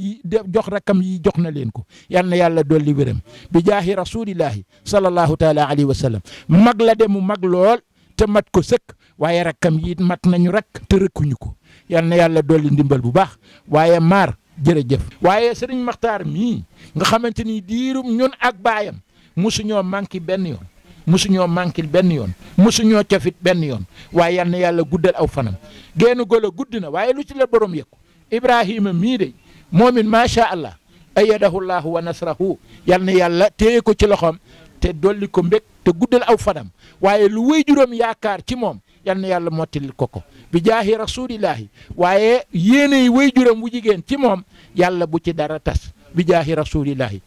jox rakkam yii jox na leen ko yal na yàlla dolli wéram bi jaahi rasulillahi sallallahu taala alayhi wa sallam mag la mu mag lool te mat ko sëkk waaye rakkam yi mat nañu rek te rëkkuñu ko yal na yàlla dolli ndimbal bu baax waaye maar jërëjëf. waaye sëriñ Maxtaar mii nga xamante ni diirum ñun ak baayam musuñoo manqué benn yoon. mosuñoo manquil benn yoon mosuñoo cofit benn yoon waaye yal na yàlla guddal aw fanam génn golo gudd na waaye lu ci la borom yëg Ibrahima mii de moom it macha allah ayadahu llahu wa nasrahu yal na yàlla téye ko ci loxoom te dolli ko mbég te guddal aw fanam waaye lu wéy juróom yaakaar ci moom yal yàlla mottil ko ko bi jaahi rasulillahi waaye yéene yi wéy juróom wu jigéen ci moom yàlla bu ci dara tas bi jaahi rasulillahi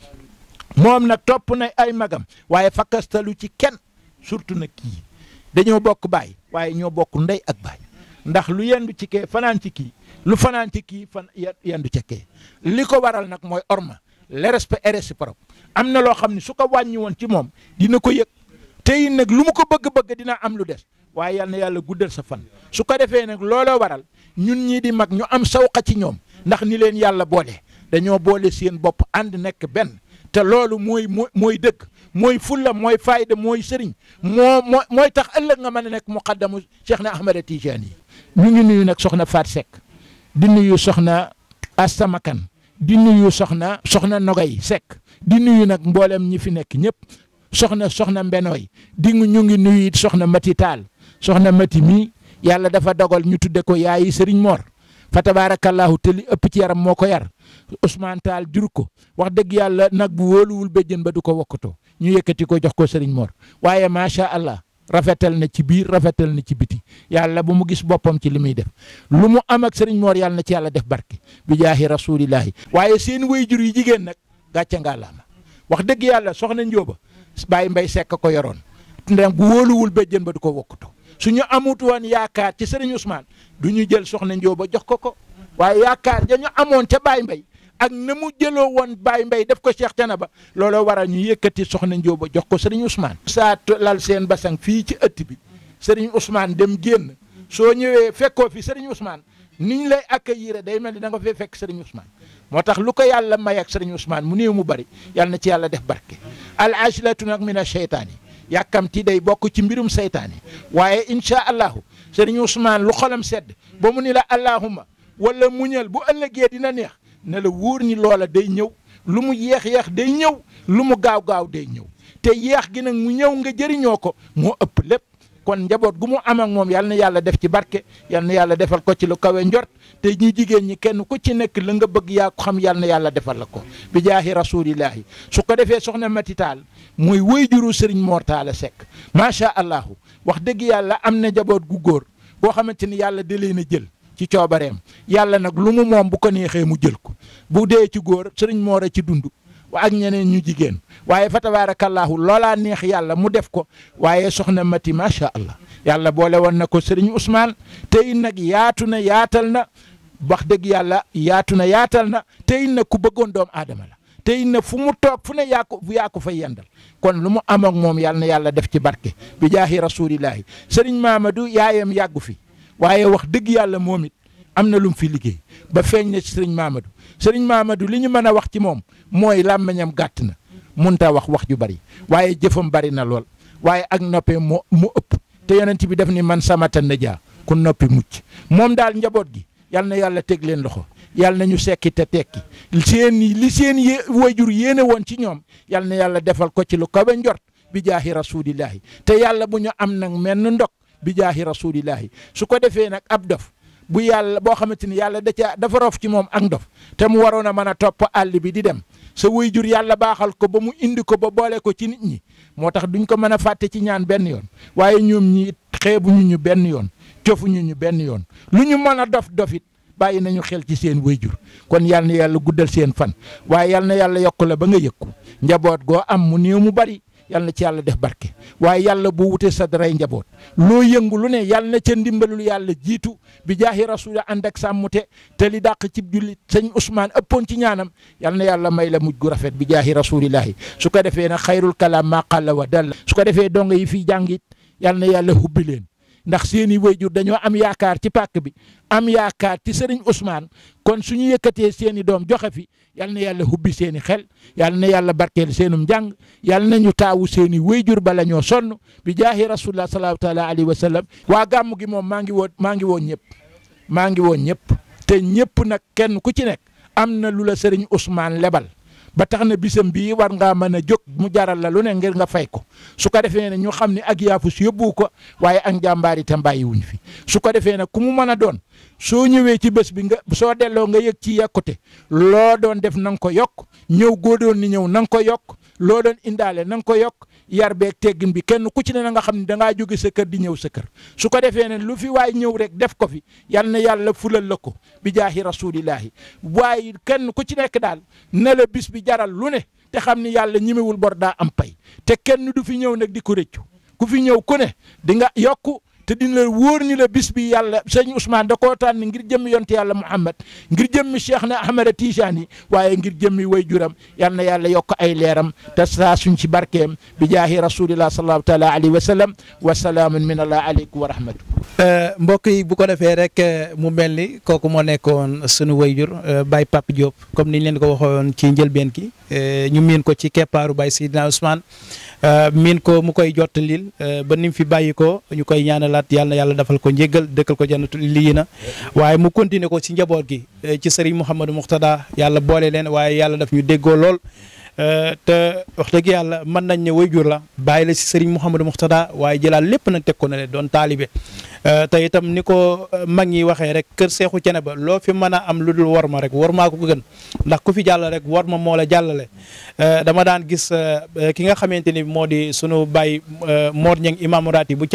moom nag topp na ay magam waaye fakkastalu ci kenn surtout nag kii dañoo bokk baay waaye ñoo bokk ndey ak baay ndax lu yendu ci kee fanaan ci kii lu fanaan ci kii fan yendu ca kee li ko waral nag mooy orma le respect est am na loo xam ne su ko wàññi woon ci moom dina ko yëg tey nag lu mu ko bëgg-bëgg dina am lu des waaye yal na yàlla guddal sa fan su ko defee nag looloo waral ñun ñii di mag ñu am saw sawqa ci ñoom ndax ni leen yàlla boole dañoo boole seen bopp ànd nekk benn te loolu mooy mooy mooy dëgg mooy fulla mooy fayda mooy sëriñ moo moo mooy tax ëllëg nga mën a nekk muqaddamu Cheikh na Ahmada Tidiane yi ñu ngi nuyu nag soxna Faat sek di nuyu soxna Astamakan di nuyu soxna soxna Nogay sek di nuyu nag mboolem ñi fi nekk ñëpp soxna soxna Mbenoy di ñu ngi nuyu soxna matital soxna Mati mii yàlla dafa dogal ñu tudde ko yaayi sëriñ Mor فتبارك الله تلي ابتي يارم موكو يار عثمان تال جوركو واخ دغ يالا ناك بو وولول بيدين با دوكو وكوتو ني ييكاتي كو جوخ كو سيرن مور وايي ما شاء الله رافتال نا سي بير رافتال نا سي بيتي يالا بومو غيس بوبام سي ليمي ديف لومو امك سيرن مور يالنا سي يالا ديف باركي بجاه رسول الله وايي سين وي جور يي جيجن ناك غاتيا غالاما واخ دغ يالا سخنا نجوبا باي مباي سيك كو يورون ndem wolul bejjen ba duko wokuto suñu amut woon yaakaar ci Serigne Ousmane du ñu jël soxna Ndioba jox ko ko waaye yaakaar dañu amoon ca Baye mbay ak na mu jëloo woon baay mbay def ko Cheikh ba looloo waral ñu yëkkati soxna Ndioba jox ko Serigne Ousmane. saa lal seen basang fii ci ëtt bi Serigne Ousmane dem na soo ñëwee fekkoo fi Serigne Ousmane niñ lay accueillir day mel ni da nga fekk Serigne Ousmane moo tax lu ko yàlla may ak Serigne Ousmane mu néew mu bari yàlla na ci yàlla def barke. al ajlatu nag min acheytaan yi yàkkamti day bokk ci mbirum seytaane waaye incha allahu sëriñ Ousmane lu xolam sedd ba mu ni la allahuma wala muñal bu ëllëgee dina neex ne la wóor ni loola day ñëw lu mu yeex yeex day ñëw lu mu gaaw gaaw day ñëw te yeex gi nag mu ñëw nga jëriñoo ko moo ëpp lépp. kon njaboot gu mu am moom yal na yàlla def ci barke yal na yàlla defal ko ci lu kawe njort te ñi jigéen ñi kenn ku ci nekk la nga bëgg yaa ko xam yal na yàlla defal la ko bi jaahi rasulillahi su ko defee soxna Mati muy wéy wayjuru Serigne Mor Talla Seck macha allah wax dëgg yàlla am na njaboot gu góor boo xamante ni yàlla da leen jël ci coobareem yàlla nag lu mu moom bu ko neexee mu jël ko bu dee ci góor Serigne Mor a ci dund وعن ينين يجيجين وعي فتبارك الله لولا نيخ يالا مدفكو وعي سخنا متي ما شاء الله يالا بولي ونكو سرين عثمان تينك ياتنا ياتلنا بخدك يالا ياتنا ياتلنا تينك كبقون دوم آدم الله تين فمو توك فنا ياكو ياكو في يندل كون لمو امك موم يالنا يالا دف تي بركه بجاه رسول الله سرين مامدو يايم ياغو في وايي واخ دغ يالا موميت امنا لوم في ليغي با فيغ ني سرين مامدو سرين مامدو لي ني مانا واخ تي mooy làmmiñam gàtt na munta wax wax ju bari waaye jëfam bari na lool waaye ak noppee moo mu ëpp te yonent bi def ni man samata najaa ku noppi mucc moom daal njaboot gi yal na yàlla teg leen loxo yal na ñu sekki te tekki seen li seen yé wajur yéene woon ci ñoom yal na yàlla defal ko ci lu kawe njort bi jaahi rasulillahi te yàlla bu ñu am nag menn ndok bi jaahi rasulillahi su ko defee nag ab dof bu yàlla boo xamante ni yàlla da ca dafa rof ci moom ak ndof te mu waroon a mën a topp àll bi di dem sa waajur yàlla baaxal ko ba mu indi ko ba boole ko ci nit ñi moo tax duñ ko mën a fàtte ci ñaan benn yoon waaye ñoom ñi xeebu ñu benn yoon cofuñu ñu benn yoon lu ñu mën a dof dofit bàyyi nañu xel ci seen waajur kon yal yàlla guddal seen fan waaye yal na yàlla yokk la ba nga yëg ko njaboot goo am mu néew mu bari yal na ci yàlla def barke waaye yàlla bu wutee sa daray njaboot loo yëngu lu ne yal na ca ndimbalul yàlla jiitu bi jaahi rasuula ànd ak sàmmute te li dàq cib jullit sëñ Ousmane ëppoon ci ñaanam yal na yàlla may la mujj gu rafet bi jaahi rasuulillahi su ko defee nag xayrul kalaam maa qalla wa dalla su ko defee dongo yi fii jàngit yàl na yàlla hubbi ndax seeni wayjur dañoo am yaakaar ci pàkk bi am yaakaar ci sëriñ Ousmane kon suñu yëkkatee seeni doom joxe fi yal na yàlla hubbi seeni xel yal na yàlla barkeel seenum njàng yal na ñu taawu seeni wayjur bala ñoo sonn bi jaahi rasulullah sallallahu taala alayhi wa waa gàmm gi moom maa ngi woo maa ngi woon ñëpp maa ngi woon ñëpp te ñëpp nag kenn ku ci nekk am na lu la sëriñ Ousmane lebal ba tax na bisam bii war ngaa mën a jóg mu jaral la lu ne ngir nga fay ko su ko defee ne ñu xam ne ak yaafus yóbbu ko waaye ak njàmbaar itam bàyyiwuñ fi su ko defee ne ku mu mën a doon soo ñëwee ci bés bi nga soo delloo nga yëg ci yàkkute loo doon def na ko yokk ñëw góodoon ni ñëw na nga ko yokk loo doon indaale na nga ko yokk yar beeg teggin bi kenn ku ci ne na nga xam ne dangaa jóge sa kër di ñëw sa kër su ko defee ne lu fi waaye ñëw rek def ko fi yal na yàlla fulal la ko bi jaahi rasulillahi waaye kenn ku ci nekk daal ne la bis bi jaral lu ne te xam ni yàlla ñimewul bor daa am pay te kenn du fi ñëw nag di ko rëccu ku fi ñëw ku ne di nga yokk te dina la wóor ni la bis bi yàlla sëñ Ousmane da koo tànn ngir jëmmi yonte yàlla Muhammad ngir jëmmi Cheikh na Ahmada Tijani waaye ngir jëmmi way juram yal na yàlla yokk ay leeram te saa suñ ci barkeem bi jaahi rasulillah sallallahu taala alayhi wa sallam wa salaamun min allah aleykum wa rahmatu eh, mbokk yi bu ko defee rek eh, mu mel ni kooku moo nekkoon sunu way jur eh, Baye Pape Diop comme niñ leen ko waxoon ci njëlbeen ki ñu miin ko ci keppaaru Baye Seydina Ousmane Euh, miin ko mu koy jottalil euh, ba ni mu fi bàyyi ko ñu koy ñaanalaat yàlla na yàlla dafal ko njéggal dëkkal ko jannatul lii na waaye mu continuer ko ci njaboot gi euh, ci sëriñ Mouhamadou Mouxtada yàlla boole leen waaye yàlla daf ñu déggoo lool Euh, te wax dëgg yàlla mën nañ ne way jur la bàyyi la si Serigne Mouhamadou Mourtada waaye jëlaat lépp nag teg ko ne le doon taalibe euh, te itam ni ko euh, mag ñi waxee rek kër Seexu Ceneba loo fi mën a am lu dul war ma rek war maa ko gën ndax ku fi jàll rek war ma moo la jàllale dama daan gis ki nga xamante ni moo di sunu bàyyi Mor Ñeng imaamu raati bu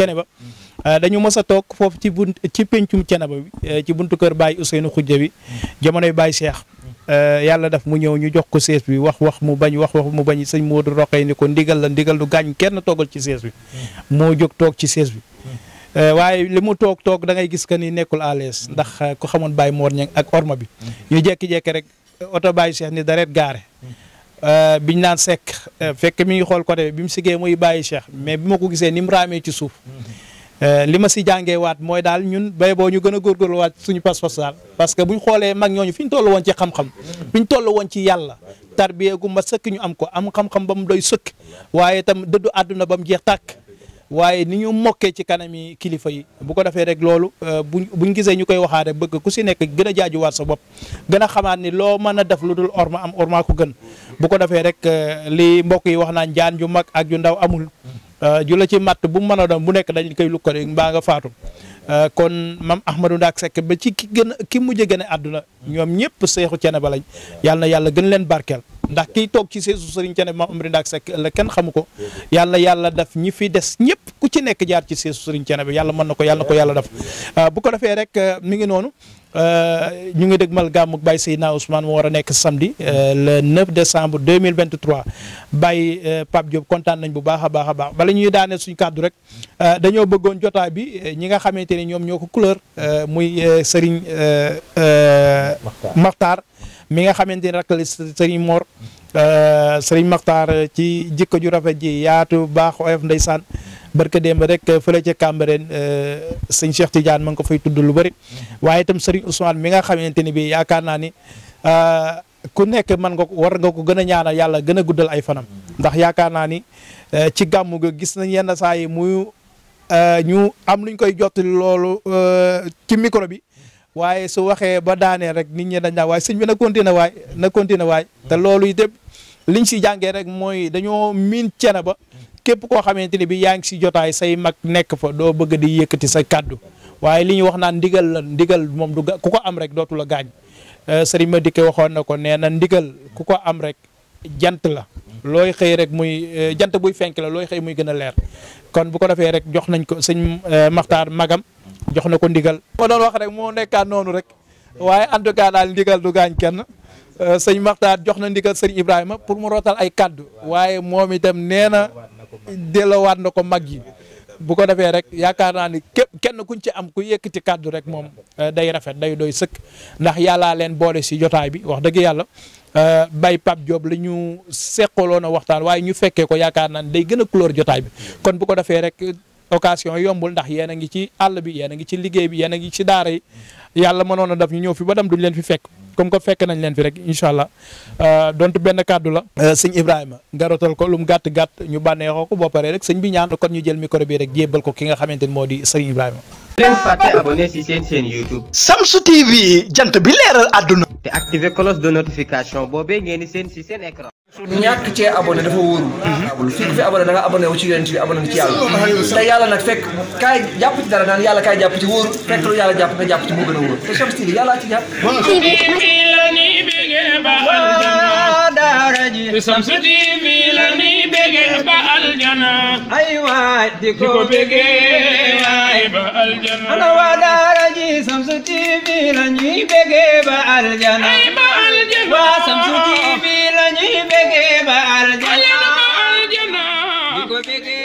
ba dañu mës a toog foofu ci bunt ci pencum Ceneba bi ci buntu kër bàyyi Baye Ousseynou Khoudia bi jamonoy Baye Cheikh Euh, yàlla daf mu ñëw ñu jox ko sees bi wax wax mu bañ wax wax mu bañ mu Modou Rokhaya ni ko ndigal la ndigal du gaañ kenn toogal ci sees bi mm. moo jóg toog ci sees bi mm. euh, waaye li mu toog toog da ngay gis que ni nekkul à l'aise mm. ndax euh, ku xamoon Baye Mor Niang ak orma bi ñu jekki-jekki rek oto Baye Cheikh ni dareet gaare biñ naan sekk fekk mi ngi xool côté bi mu sigee muy bayi Cheikh mais bi ma ko gisee ni mu raamee ci suuf Euh, li ma si jàngee waat mooy daal ñun bay boo ñu gën a góorgóorlu waat suñu pas-pas daal parce que buñ xoolee mag ñooñu fi ñu toll woon ci xam-xam fi ñu toll woon ci yàlla tarbiya gu ma sëkk ñu am ko am xam-xam ba mu doy sëkk waaye tam dëddu àdduna ba mu jeex tàkk waaye ni ñu mokkee ci kanami kilifa yi bu ko defee rek loolu buñ euh, buñ gisee ñu koy waxaat bëgg ku si nekk gën a jaajuwaat sa bopp gën a xamaat ni loo mën a def lu dul orma am orma ko gën bu ko defee rek euh, li mbokk yi wax naa njaan ju mag ak ju ndaw amul Euh, ju la ci matt bu mën a doon bu nekk dañ koy lukkale mbaa nga faatu euh, kon mam Ahmadou Ndaak Seck ba ci ki gën ki mujj gën a àdduna ñoom ñëpp seexu cene ba lañ yàlla na yàlla gën leen barkeel ndax kiy toog ci seesu sëriñ cene mam Ahmadou Ndaak Seck ëllëg kenn xamu ko yàlla yàlla def ñi fi des ñëpp ku ci nekk jaar ci seesu sëriñ cene ba yàlla mën na ko yàlla ko yàlla def euh, bu ko defee rek mi ngi noonu Euh, ñu ngi dëgmal gàmmug si Seydina Ousmane moo war a nekk samedi euh, le 9 décembre 2023 Baye euh, Pape Diop kontaan nañ bu baax a baax a baax bala ñuy daaneel suñu kàddu rek dañoo bëggoon jotaa bi ñi nga xamante ne ñoom ñoo ko couleur muy Serigne Makhtar mi nga xamante ne rek la Serigne Mor Serigne ci jikko ju rafet ji yaatu baax oyof ndeysaan barka démb rek eh, fële ca Cambérène eh, sëñ Cheikh Tidiane ma ngi ko fay tudd lu bëri waaye itam Serigne Ousmane mi nga xamante ni bii yaakaar naa ni eh, ku nekk man nga ko war nga ko gën a ñaanal yàlla gën a guddal ay fanam ndax yaakaar naa ni ci gàmm ga gis nañ yenn saa yi muy ñu am luñ koy jottali loolu ci micro bi waaye su waxee ba daanee rek nit ñi dañ naa waaye sëñ bi na continuer waay na continuer waay te loolu itam liñ si jàngee rek mooy dañoo miin cene ba képp koo xamante ni bi yaa ngi si jotaay say mag nekk fa doo bëgg di yëkkati sa kàddu waaye li ñu wax naan ndigal la ndigal moom du ku ko am rek dootu la gaañ eh, sëriñ ma dikke waxoon na ko nee na ndigal ku ko am rek jant la looy xëy rek muy eh, jant buy fenk la looy xëy muy gën a leer kon bu ko defee rek jox nañ ko sëñ eh, maxtaar magam jox na ko ndigal ma doon wax rek moo nekkaat noonu rek waaye en tout cas daal ndigal du gaañ kenn sëñ maxtaar jox na ndigal sëñ ibrahima pour mu rootal ay kàddu waaye moom itam nee na dellowaat na ko mag yi bu ko defee rek yaakaar naa ni kenn kuñ ci am ku yëkkati kàddu rek moom eh, day rafet day doy sëkk ndax yàllaa leen boole si jotaay bi wax dëgg yàlla eh, bay Pape Diop la ñu seqaloon a waxtaan waaye ñu fekkee ko yaakaar naa ni day gën a couleur jotaay bi kon bu ko defee rek occasion yombul ndax yéen a ngi ci àll bi yéen a ngi ci liggéey bi yéen a ngi ci daara yi yàlla mënoon a def ñu ñëw fi ba dem duñ leen fi fekk comme que fekk nañ leen fi rek incha allah euh, dont benn kàddu la euh, sëñ Ibrahima nga ko lu mu gàtt gàtt ñu bànneexoo ko boo paree rek sëñ bi ñaan kon ñu jël micro bi rek jébbal ko ki nga xamante ni moo di sëñ Ibrahima. leen seen seen YouTube. Shamsu TV jant bi leeral àdduna. te activer cloche de notification boobee ngeen di seen ci seen écran. su ñàkk cee abonné dafa wóoru mhm. fii ku fi abonné da nga abonné wu ci yonent bi abonné ci yàlla te yàlla nag fekk kaay jàpp ci dara naan yàlla kaay jàpp ci wóoru fekk lu yàlla jàpp nga jàpp ci moo gën a wóor te Shamsiya yàllaa ci jàpp ba aljana di Shamsu TV la ñuy bégee ba aljana ay waay di ko bégee waay ba aljana ana waa daara ji Shamsu TV la ñuy bégee ba aljana ay ba aljana waa Shamsu TV la ñuy bégee ba aljana di ko bégee